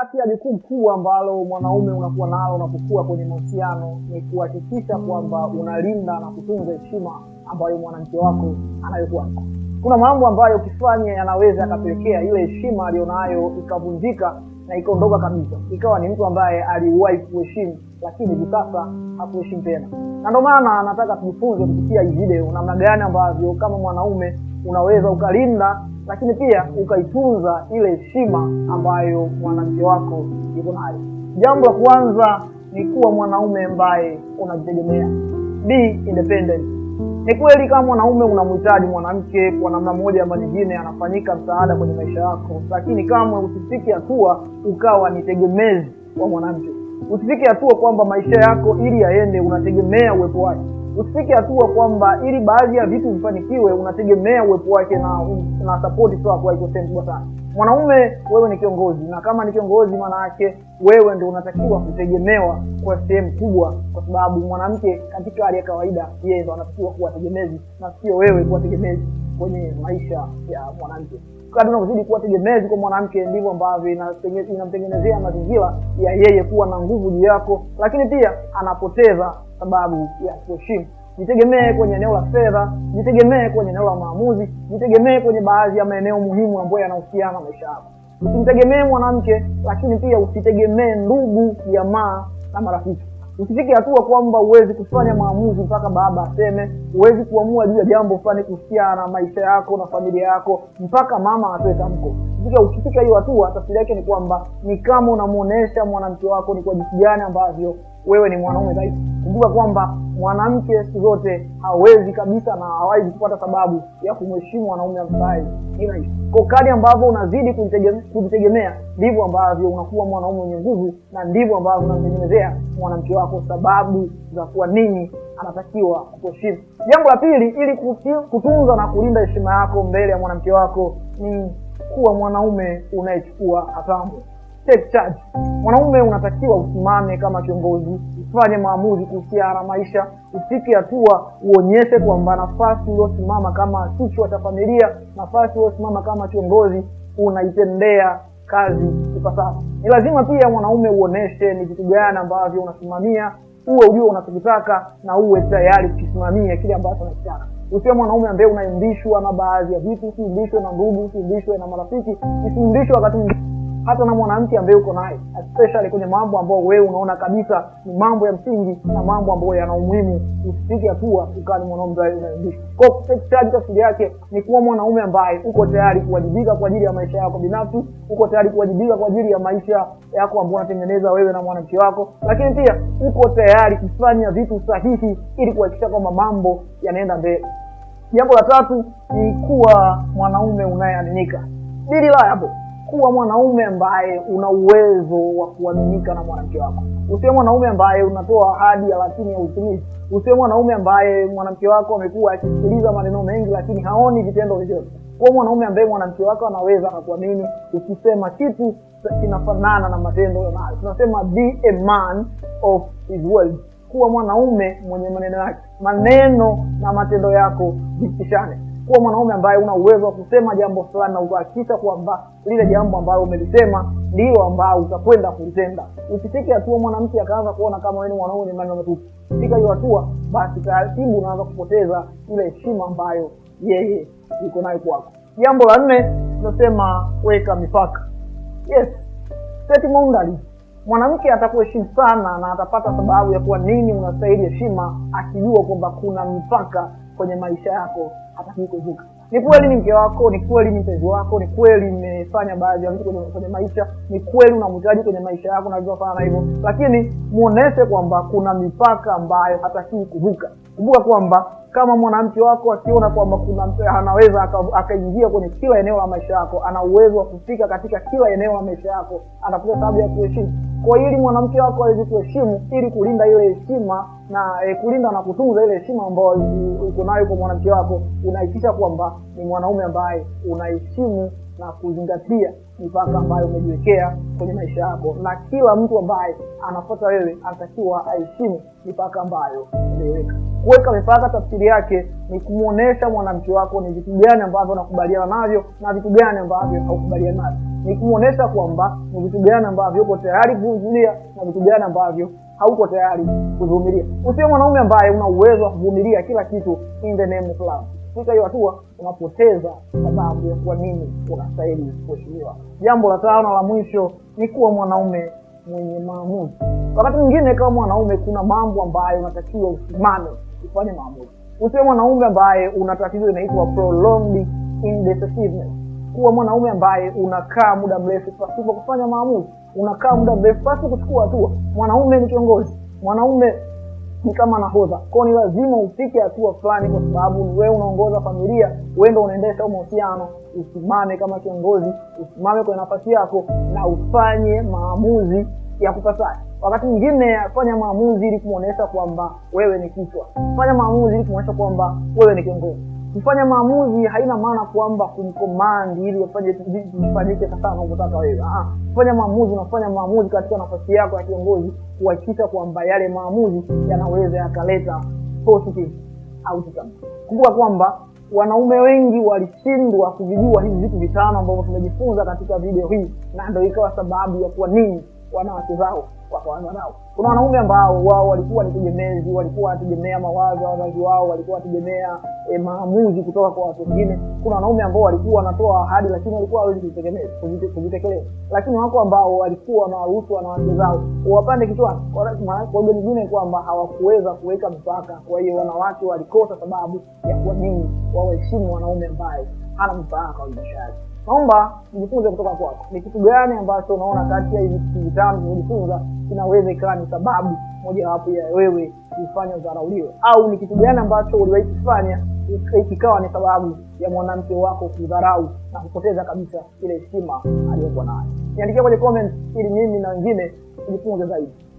kati ya jukumu kubwa ambalo mwanaume mm. unakuwa nalo unapokuwa kwenye mahusiano ni kuhakikisha kwamba unalinda na kutunza heshima ambayo mwanamke wako anayokuwa Kuna mambo ambayo ukifanya yanaweza yakapelekea ile heshima aliyonayo ikavunjika na ikaondoka kabisa, ikawa ni mtu ambaye aliwahi kuheshimu, lakini hivi sasa hakuheshimu tena. Na ndio maana anataka tujifunze kupitia hii video namna gani ambavyo kama mwanaume unaweza ukalinda lakini pia ukaitunza ile heshima ambayo mwanamke wako yuko nayo. Jambo la kwanza ni kuwa mwanaume ambaye unajitegemea, be independent. Ni kweli kama mwanaume unamhitaji mwanamke kwa namna moja ama nyingine, anafanyika msaada kwenye maisha yako, lakini kama usifike hatua ukawa ni tegemezi wa mwanamke, usifike hatua kwamba maisha yako ili yaende unategemea uwepo wake usifike hatua kwamba ili baadhi ya vitu vifanikiwe unategemea uwepo wake na na sapoti kwa hiyo sehemu kubwa sana. Mwanaume wewe ni kiongozi, na kama ni kiongozi, maana yake wewe ndio unatakiwa kutegemewa kwa sehemu kubwa, kwa sababu mwanamke katika hali ya kawaida, yeye ndo anatakiwa kuwa tegemezi na sio wewe kuwa tegemezi kwenye maisha ya mwanamke kadri unavyozidi kuwa tegemezi kwa mwanamke, ndivyo ambavyo inamtengenezea mazingira ya yeye kuwa na nguvu juu yako, lakini pia anapoteza sababu ya kuheshimu. Jitegemee kwenye eneo la fedha, jitegemee kwenye eneo la maamuzi, jitegemee kwenye baadhi ya maeneo muhimu ambayo yanahusiana na maisha yako. Usimtegemee mwanamke, lakini pia usitegemee ndugu, jamaa na marafiki. Usifike hatua kwamba huwezi kufanya maamuzi mpaka baba aseme, huwezi kuamua juu ya jambo fulani kuhusiana na maisha yako na familia yako mpaka mama atoe tamko. Ukifika hiyo hatua, tafsiri yake ni kwamba ni kama unamwonyesha mwanamke wako ni kwa jinsi gani ambavyo wewe ni mwanaume dhaifu. Kumbuka kwamba mwanamke siku zote hawezi kabisa na hawezi kupata sababu ya kumheshimu mwanaume ambaye kwa kadi ambavyo unazidi kujitegemea, ndivyo ambavyo unakuwa mwanaume mwenye nguvu, na ndivyo ambavyo unamtengenezea mwanamke wako sababu za kuwa nini anatakiwa kuheshimu. Jambo la pili, ili kutunza na kulinda heshima yako mbele ya mwanamke wako ni kuwa mwanaume unayechukua hatamu take charge. Mwanaume unatakiwa usimame kama kiongozi, ufanye maamuzi kuhusiana na maisha, ufike hatua uonyeshe kwamba nafasi uliosimama kama kichwa cha familia, nafasi uliosimama kama kiongozi, unaitendea kazi ipasavyo. Ni lazima pia mwanaume uoneshe ni vitu gani ambavyo unasimamia, uwe ujue unachokitaka na uwe tayari kukisimamia kile ambacho unakitaka. Usiwe mwanaume ambaye unaimbishwa na baadhi ya vitu, usiimbishwe na ndugu, usiimbishwe na marafiki, usiimbishwe wakati mwingine hata na mwanamke ambaye uko naye, especially kwenye mambo ambayo wewe unaona kabisa ni mambo ya msingi na mambo ambayo yana umuhimu. Usipige hatua ukawa ni mwanaume ambaye unayumbisha. Kwa hiyo sex charge, tafsiri yake ni kuwa mwanaume ambaye uko tayari kuwajibika kwa ajili ya maisha yako binafsi, uko tayari kuwajibika kwa ajili ya maisha yako ambayo unatengeneza wewe na mwanamke wako, lakini pia uko tayari kufanya vitu sahihi ili kuhakikisha kwamba mambo yanaenda mbele. Jambo la tatu ni kuwa mwanaume unayeaminika. Dili la hapo kuwa mwanaume ambaye una uwezo wa kuaminika na mwanamke wako. Usiwe mwanaume ambaye unatoa ahadi ya lakini hautimizi. Usiwe mwanaume ambaye mwanamke wako amekuwa akisikiliza maneno mengi lakini haoni vitendo vyovyote. Kuwa mwanaume ambaye mwanamke wako anaweza akakuamini ukisema kitu kinafanana na matendo yanayo. Tunasema be a man of his word, kuwa mwanaume mwenye maneno yake. Maneno na matendo yako vipishane kuwa mwanaume ambaye una uwezo wa kusema jambo fulani na ukahakikisha kwamba lile jambo ambalo umelisema ndio ambao utakwenda kulitenda usifike hatua mwanamke akaanza kuona kama wewe ni mwanaume ni maneno matupu fika hiyo hatua basi taratibu unaanza kupoteza ile heshima ambayo yeye yuko nayo kwako jambo la nne tunasema weka mipaka yes seti maundali mwanamke atakuheshimu sana na atapata sababu ya kuwa nini unastahili heshima akijua kwamba kuna mipaka kwenye maisha yako hataki Ni kweli ni mke wako, ni kweli ni mpenzi wako, ni kweli mmefanya baadhi ya vitu kwenye, kwenye maisha, ni kweli unamhitaji kwenye maisha yako na vitu kama hivyo, lakini muoneshe kwamba kuna mipaka ambayo hataki kuvuka. Kumbuka kwamba kama mwanamke wako akiona kwamba kuna anaweza akaingia kwenye kila eneo la maisha yako, ana uwezo wa kufika katika kila eneo la maisha yako, atakuwa sababu ya kuheshimu kwa ili mwanamke wako aweze kuheshimu, ili kulinda ile heshima na e, kulinda na kutunza ile heshima ambayo uko nayo kwa mwanamke wako, unahakikisha kwamba ni mwanaume ambaye unaheshimu na kuzingatia mipaka ambayo umejiwekea kwenye maisha yako, na kila mtu ambaye anafuata wewe anatakiwa aheshimu mipaka ambayo umeiweka. Kuweka mipaka, tafsiri yake ni kumwonyesha mwanamke wako ni vitu gani ambavyo unakubaliana navyo na vitu gani ambavyo haukubaliana navyo ni kumwonyesha kwamba ni vitu gani ambavyo uko tayari kuvumilia na vitu gani ambavyo hauko tayari kuvumilia. Usiwe mwanaume ambaye una uwezo wa kuvumilia kila kitu in the name of love. Fika hiyo hatua unapoteza sababu ya kwa nini unastahili kuheshimiwa. Jambo la tano na la mwisho ni kuwa mwanaume mwenye maamuzi. Wakati mwingine kama mwanaume, kuna mambo ambayo unatakiwa usimame ufanye maamuzi. Usiwe mwanaume ambaye una tatizo inaitwa prolonged indecisiveness kuwa mwanaume ambaye unakaa muda mrefu pasipo kufanya maamuzi, unakaa muda mrefu pasipo kuchukua hatua. Mwanaume ni kiongozi, mwanaume ni kama nahodha kwao, ni lazima ufike hatua fulani, kwa sababu wewe unaongoza familia, wewe ndo unaendesha mahusiano. Usimame kama kiongozi, usimame kwenye nafasi yako na ufanye maamuzi ya kupasaje. Wakati mwingine fanya maamuzi ili kumwonyesha kwamba wewe ni kichwa, fanya maamuzi ili kumwonyesha kwamba wewe ni kiongozi kufanya maamuzi haina maana kwamba kumkomandi ili vifanyike sasa unavyotaka wewe. Ah, ah. Kufanya maamuzi, unafanya maamuzi katika nafasi yako ya kiongozi, kuhakikisha kwamba yale maamuzi yanaweza yakaleta positive outcome. Kumbuka kwamba wanaume wengi walishindwa kuvijua hivi vitu vitano ambavyo tumejifunza katika video hii, na ndio ikawa sababu ya kwa nini wanawake zao nao. Kuna wanaume ambao wao walikuwa ni tegemezi, walikuwa wanategemea mawazo ya wazazi wao, walikuwa wanategemea e, maamuzi kutoka kwa watu wengine. Kuna wanaume ambao walikuwa wanatoa ahadi, lakini walikuwa hawezi kuzitekeleza kuzitekeleza. Lakini wako ambao walikuwa wanawaruhusu wanawake zao wapande kichwani, kwa nyingine kwamba hawakuweza kuweka mipaka. Kwa hiyo wanawake walikosa sababu ya kwa nini wawaheshimu wanaume ambaye hana mipaka wa biashara. Naomba nijifunze kutoka kwako, ni kitu gani ambacho unaona kati ya hivi vitano tumejifunza inaweza ikawa ni sababu mojawapo ya wewe kufanya udharauliwe, au ni kitu gani ambacho uliwahi kufanya kikawa ni sababu ya mwanamke wako kudharau na kupoteza kabisa ile heshima aliyokuwa nayo. Niandikia kwenye comment ili mimi na wengine tujifunze zaidi.